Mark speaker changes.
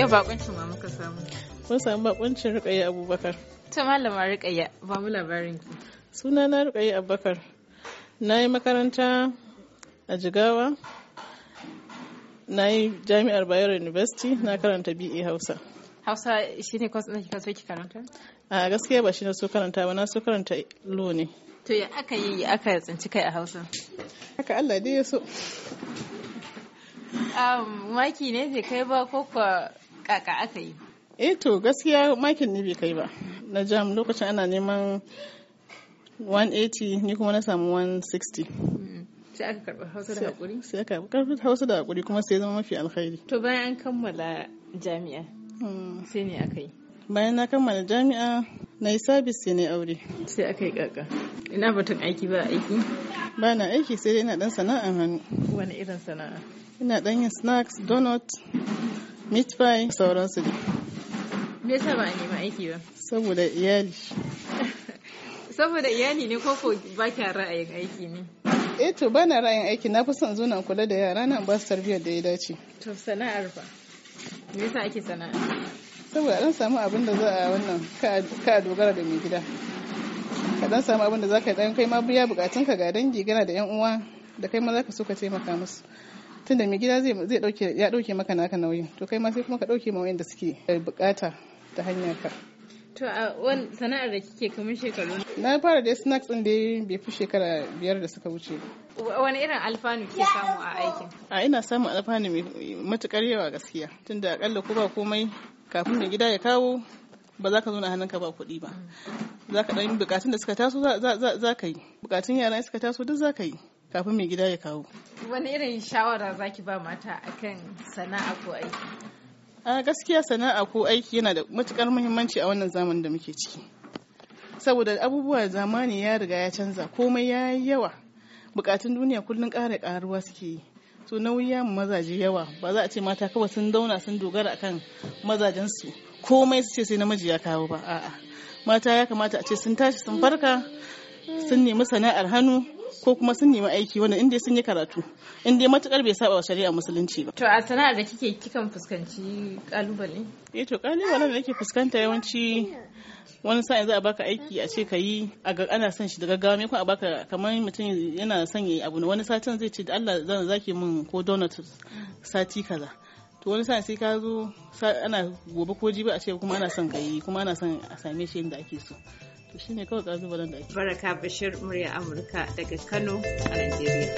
Speaker 1: Ya bakuncin ma muka samu. Mun samu bakuncin Rukayya Abubakar. Ta malama Rukayya ba mu labarin ki. Suna na Rukayya Abubakar. Na yi makaranta a Jigawa. Na yi jami'ar Bayero University na karanta BA Hausa. Hausa shi ne kwas ɗin kasuwa ki karanta? A gaskiya ba shi na so karanta ba na so karanta lo ne. To ya aka yi aka tsinci kai a Hausa? Haka Allah dai ya so. Um, maki ne je kai ba ko kwa kaka aka yi eh to gaskiya makin ni bai kai ba na jam lokacin ana neman 180 ni kuma na samu 160 mm. sai aka karɓi hausa da hakuri sai aka karɓi hausa da hakuri kuma sai zama mafi alkhairi to bayan an kammala jami'a hmm. sai ne aka yi bayan na kammala jami'a na yi sabis sai na aure sai aka yi kaka ina batun aiki ba aiki ba na aiki sai dai ina dan sana'a hannu wani irin sana'a ina dan yin snacks donut meat pie sauransu ne me yasa ba a nema aiki ba saboda iyali saboda iyali ne ko ba kya ra'ayin aiki ne eh to bana ra'ayin aiki na fi son zuwa kula da yara na ba su tarbiyyar da ya dace to sana'ar ba. me yasa ake sana'a saboda dan samu abin da za a wannan ka dogara da mai gida ka dan samu abin da za ka dan kai ma biya bukatun ka ga dangi gana da yan uwa da kai ma za ka so ka taimaka musu tunda mai gida zai dauke ya dauke maka naka nauyin to kai ma sai kuma ka dauke ma wanda suke bukata ta hanyar ka to a wani sana'ar da kike kamar shekaru na fara da snacks din da bai fi shekara biyar da suka wuce wani irin alfanu ke samu a aikin a ina samun alfanu mai matukar yawa gaskiya tunda akalla ko ba komai kafin mai gida ya kawo ba za ka zo na hannunka ba kuɗi ba za ka ɗan bukatun da suka taso za ka yi bukatun yara suka taso duk za ka yi kafin mai gida ya kawo wani irin shawara zaki ba mata akan sana'a ko aiki a gaskiya sana'a ko aiki yana da matukar muhimmanci a wannan zamani da muke ciki saboda abubuwa zamani ya riga ya canza komai ya yi yawa bukatun duniya kullum ƙara ƙaruwa suke yi so nauyi ya mazaje yawa ba za a ce mata kawai sun dauna sun dogara akan mazajensu komai su ce sai namiji ya kawo ba a'a mata ya kamata a ce sun tashi sun farka sun nemi sana'ar hannu ko kuma sun nemi aiki wanda inda sun yi karatu inda matukar bai saba wa shari'a musulunci ba to a sana'ar da kike kikan fuskanci kalubale eh to kalubale da nake fuskanta yawanci wani sa'in za a baka aiki a ce ka yi a ga ana son shi da gaggawa me kuma a baka kamar mutum yana son yayi abu wani satin zai ce da Allah zan zaki min ko donut sati kaza to wani sa sai ka zo ana gobe ko jibi a ce kuma ana son ka yi kuma ana son a same shi yadda ake so to shine kawai kalubalen da ake baraka bashir murya amurka daga kano a najeriya